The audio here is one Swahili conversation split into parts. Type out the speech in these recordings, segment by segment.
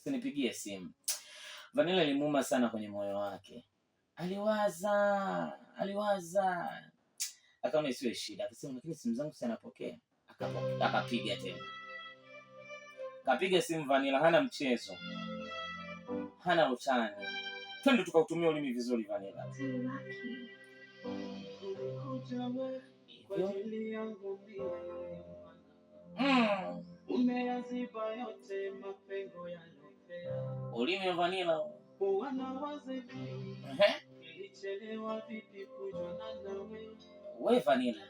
usinipigie simu. Vanilla ilimuuma sana kwenye moyo wake. Aliwaza, aliwaza, akaona isiwe shida, akasema lakini simu zangu si anapokea. Akapiga tena, kapiga simu. Vanilla hana mchezo, hana utani. Twende tukautumia ulimi vizuri, Vanilla. Mm ulimi wa vanila we vanila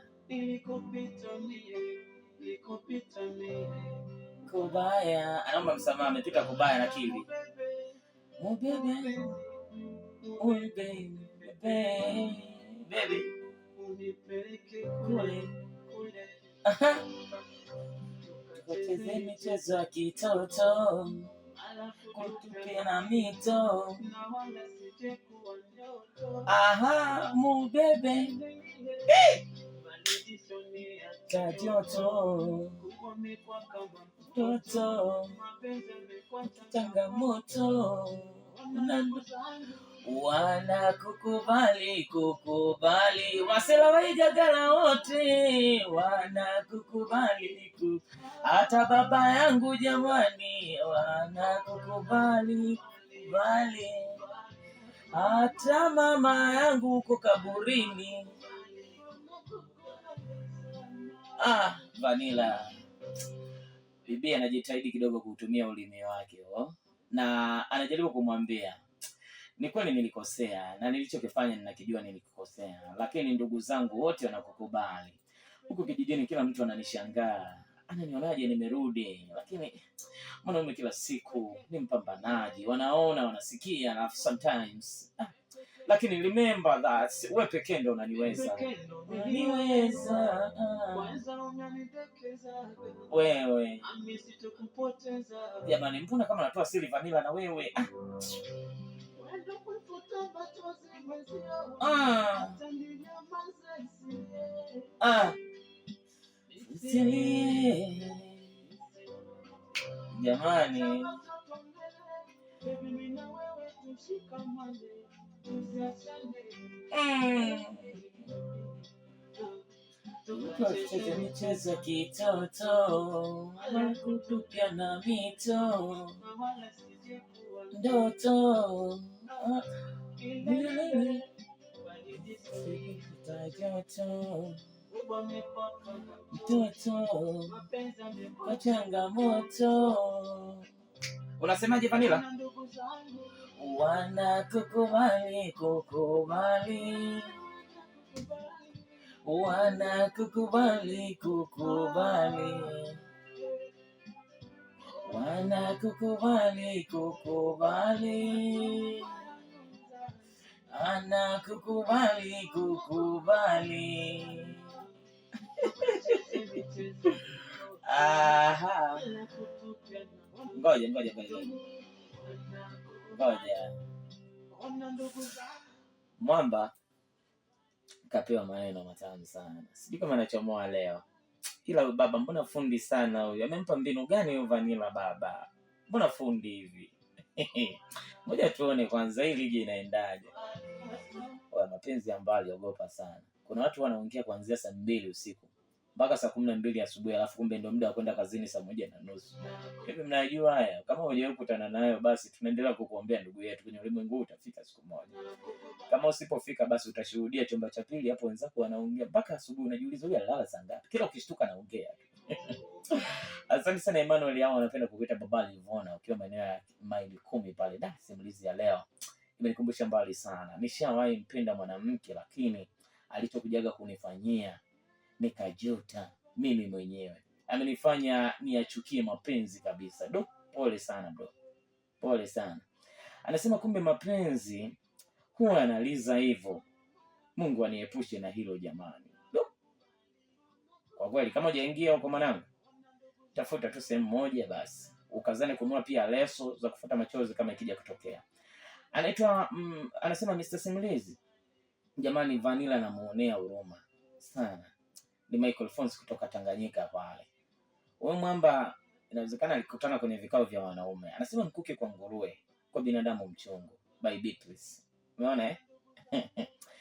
kubaya, anaomba msamaha, amepita kubaya na kivi tukucheze michezo ya kitoto kutupe na mito aha mubebe hey! toto changamoto wana kukubali, kukubali waselawegagala wote kukubali tu, hata baba yangu jamani, kukubali kukubali, hata mama yangu uko kaburini. Ah, Vanila bibi anajitahidi kidogo kuutumia ulimi wake, oh. na anajaribu kumwambia ni kweli nilikosea na nilichokifanya ninakijua nilikosea, lakini ndugu zangu wote wanakukubali. Huku kijijini kila mtu ananishangaa, ananionaje nimerudi? Lakini mwanaume kila siku ni mpambanaji, wanaona wanasikia, alafu sometimes ah, Lakini remember that wewe pekee ndo unaniweza, niweza ah. wewe. Jamani, mbona kama natoa siri Vanilla na wewe ah. Ah. Ah. Jamani, tucheze michezo kitoto, kutupia na mito ndoto Bilele Mtoto mtoto kwa changamoto, unasemaje Vanila? Wanakukubali, kukubali, wana kukubali, wanakukubali, kukubali anakukubali kukubali. Aha, ngoja ngoja ngoja ngoja, mwamba kapewa maneno matamu sana, sijui kama anachomoa leo. Ila baba, mbona fundi sana huyu? Amempa mbinu gani huyu Vanila? Baba, mbona fundi hivi? moja tuone kwanza hii ligi inaendaje mapenzi ya mbali, ogopa sana. Kuna watu wanaongea kuanzia saa mbili usiku mpaka saa kumi na mbili asubuhi, alafu kumbe ndio muda wa kwenda kazini saa moja na nusu. Hivi mnajua haya? Kama hujawahi kukutana nayo, basi tunaendelea kukuombea ndugu yetu, kwenye ulimwengu huu utafika siku moja. Kama usipofika, basi utashuhudia chumba cha pili hapo, wenzako wanaongea mpaka asubuhi, unajiuliza huyu alala saa ngapi? Kila ukishtuka naongea Asante sana Emmanuel, hao wanapenda kukuita baba alivyoona ukiwa maeneo ya maili kumi pale. Da, simulizi ya leo imenikumbusha mbali sana. Nishawahi mpenda mwanamke, lakini alichokujaga kunifanyia nikajuta mimi mwenyewe. Amenifanya niachukie mapenzi kabisa. Do, pole sana bro, pole sana. Anasema kumbe mapenzi huwa analiza hivyo. Mungu aniepushe na hilo jamani. Do, kwa kweli, kama hujaingia huko mwanangu, tafuta tu sehemu moja basi ukazane kunua pia leso za kufuta machozi kama ikija kutokea anaitwa mm, anasema Mr. Simulizi, jamani, Vanilla namuonea huruma sana. Ni Michael Fons kutoka Tanganyika pale. Wewe mwamba, inawezekana alikutana kwenye vikao vya wanaume. Anasema mkuke kwa nguruwe, kwa binadamu mchongo, by Beatrice. Umeona eh?